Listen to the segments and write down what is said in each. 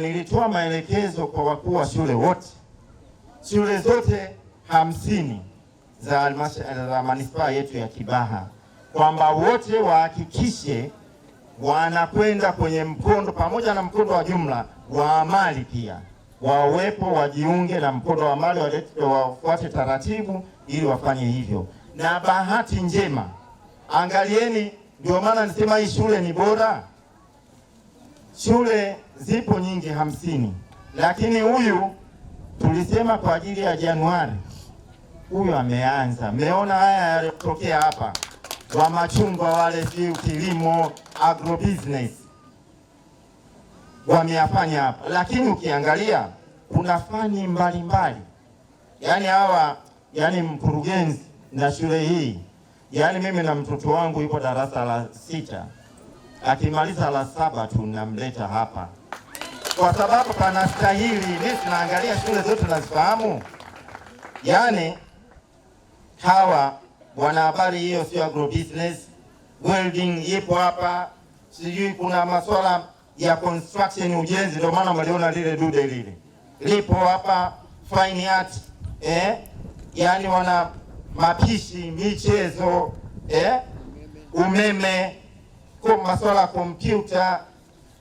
Nilitoa maelekezo kwa wakuu wa shule wote, shule zote hamsini za, manispaa yetu ya Kibaha kwamba wote wahakikishe wanakwenda kwenye mkondo pamoja na mkondo wa jumla wa amali, pia wawepo wajiunge na mkondo wa amali, wafuate taratibu ili wafanye hivyo. Na bahati njema, angalieni, ndio maana nisema hii shule ni bora. Shule zipo nyingi hamsini, lakini huyu tulisema kwa ajili ya Januari. Huyu ameanza, mmeona haya yalitokea hapa, wa machungwa wale, si kilimo agrobusiness wameyafanya hapa, lakini ukiangalia kuna fani mbalimbali, yani hawa, yani mkurugenzi na shule hii, yani mimi na mtoto wangu yuko darasa la sita akimaliza la saba tunamleta hapa, kwa sababu panastahili. mi tunaangalia shule zote nazifahamu, yani hawa wanahabari, hiyo sio agro business, welding ipo hapa, sijui kuna masuala ya construction, ujenzi, ndio maana mliona lile dude lile lipo hapa, fine art eh, yani wana mapishi, michezo eh, umeme masuala ya kompyuta,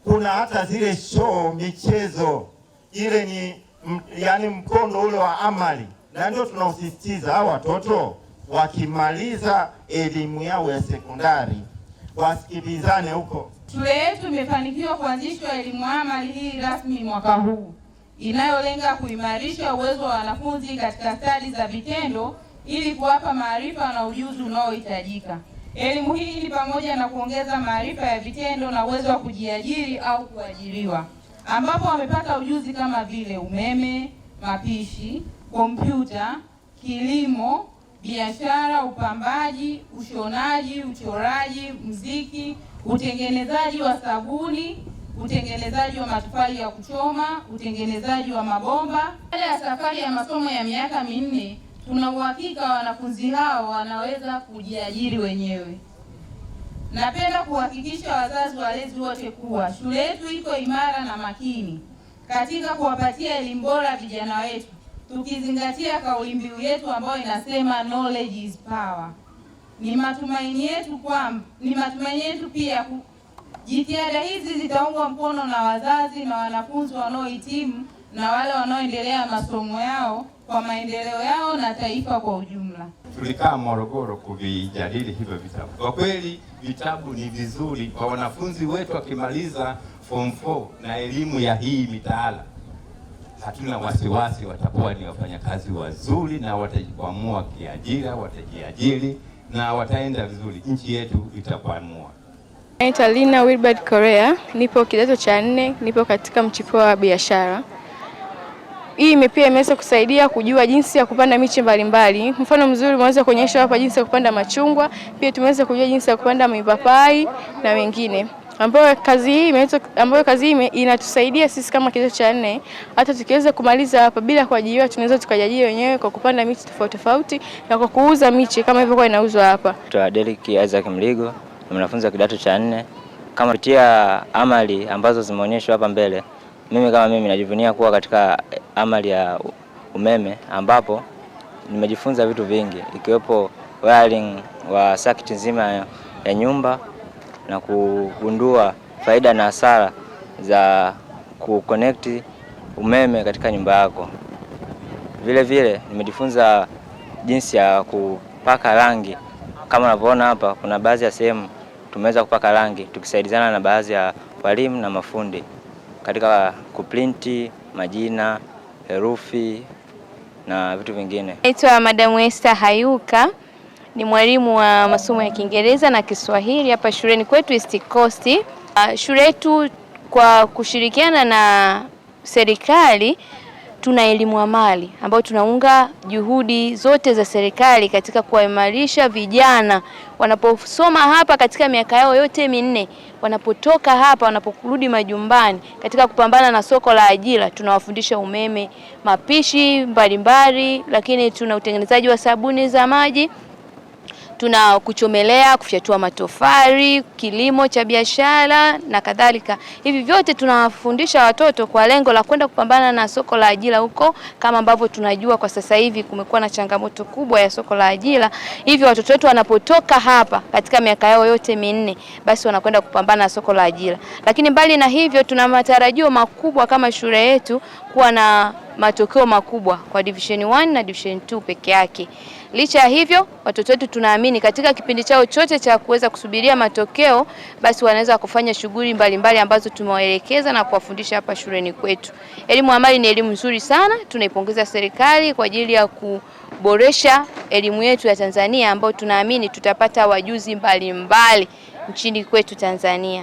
kuna hata zile show michezo ile ni m, yani mkondo ule wa amali, na ndio tunaosisitiza hao watoto wakimaliza elimu yao ya sekondari wasikilizane huko. Shule yetu imefanikiwa kuanzishwa elimu amali hii rasmi mwaka huu inayolenga kuimarisha uwezo wa wanafunzi katika stadi za vitendo ili kuwapa maarifa na ujuzi unaohitajika. Elimu hii ni pamoja na kuongeza maarifa ya vitendo na uwezo wa kujiajiri au kuajiriwa, ambapo wamepata ujuzi kama vile umeme, mapishi, kompyuta, kilimo, biashara, upambaji, ushonaji, uchoraji, mziki, utengenezaji wa sabuni, utengenezaji wa matofali ya kuchoma, utengenezaji wa mabomba. Baada ya safari ya masomo ya miaka minne tuna uhakika wanafunzi hao wanaweza kujiajiri wenyewe. Napenda kuhakikisha wazazi walezi wote kuwa shule yetu iko imara na makini katika kuwapatia elimu bora vijana wetu, tukizingatia kauli mbiu yetu ambayo inasema knowledge is power. Ni matumaini yetu kwamba ni matumaini yetu pia ku, jitihada hizi zitaungwa mkono na wazazi na wanafunzi wanaohitimu na wale wanaoendelea masomo yao kwa maendeleo yao na taifa kwa ujumla. Tulikaa Morogoro kuvijadili hivyo vitabu. Kwa kweli vitabu ni vizuri kwa wanafunzi wetu, wakimaliza form 4 na elimu ya hii mitaala, hatuna wasiwasi, watakuwa ni wafanyakazi wazuri na watajikwamua kiajira, watajiajiri na wataenda vizuri, nchi yetu itakwamua. Naitwa Lina Wilbard Korea, nipo kidato cha nne, nipo katika mchipuo wa biashara hii pia imeweza kusaidia kujua jinsi ya kupanda miche mbalimbali. Mfano mzuri umeweza kuonyesha hapa jinsi ya kupanda machungwa, pia tumeweza kujua jinsi ya kupanda mipapai na wengine ambayo kazi hii ambayo kazi hii inatusaidia sisi kama kidato cha nne. Hata tukiweza kumaliza hapa bila kuajiriwa, tunaweza tukajiajiri wenyewe kwa kupanda miti tofauti tofauti na kwa kuuza miche kama ilivyokuwa inauzwa hapa. Derrick Isaac Mligo ni mwanafunzi wa kidato cha nne. Kama kupitia amali ambazo zimeonyeshwa hapa mbele, mimi kama mimi najivunia kuwa katika amali ya umeme ambapo nimejifunza vitu vingi ikiwepo wiring wa circuit nzima ya nyumba na kugundua faida na hasara za kuconnect umeme katika nyumba yako. Vile vile nimejifunza jinsi ya kupaka rangi. Kama unavyoona hapa, kuna baadhi ya sehemu tumeweza kupaka rangi tukisaidizana na baadhi ya walimu na mafundi katika kuprinti majina, herufi na vitu vingine. Naitwa Madam Esther Hayuka ni mwalimu wa masomo ya Kiingereza na Kiswahili hapa shuleni kwetu East Coast. Ah, shule yetu kwa kushirikiana na serikali tuna elimu amali ambayo tunaunga juhudi zote za serikali katika kuwaimarisha vijana wanaposoma hapa katika miaka yao yote minne, wanapotoka hapa, wanaporudi majumbani, katika kupambana na soko la ajira, tunawafundisha umeme, mapishi mbalimbali, lakini tuna utengenezaji wa sabuni za maji tuna kuchomelea, kufyatua matofali, kilimo cha biashara na kadhalika. Hivi vyote tunawafundisha watoto kwa lengo la kwenda kupambana na soko la ajira huko, kama ambavyo tunajua kwa sasa hivi kumekuwa na changamoto kubwa ya soko la ajira. Hivyo watoto wetu wanapotoka hapa katika miaka yao yote minne, basi wanakwenda kupambana na soko la ajira. Lakini mbali na hivyo, tuna matarajio makubwa kama shule yetu kuwa na matokeo makubwa kwa division 1 na division 2 peke yake. Licha ya hivyo, watoto wetu tunaamini katika kipindi chao chote cha kuweza kusubiria matokeo, basi wanaweza kufanya shughuli mbalimbali ambazo tumewaelekeza na kuwafundisha hapa shuleni kwetu. Elimu amali ni elimu nzuri sana, tunaipongeza serikali kwa ajili ya kuboresha elimu yetu ya Tanzania ambayo tunaamini tutapata wajuzi mbalimbali mbali nchini kwetu Tanzania.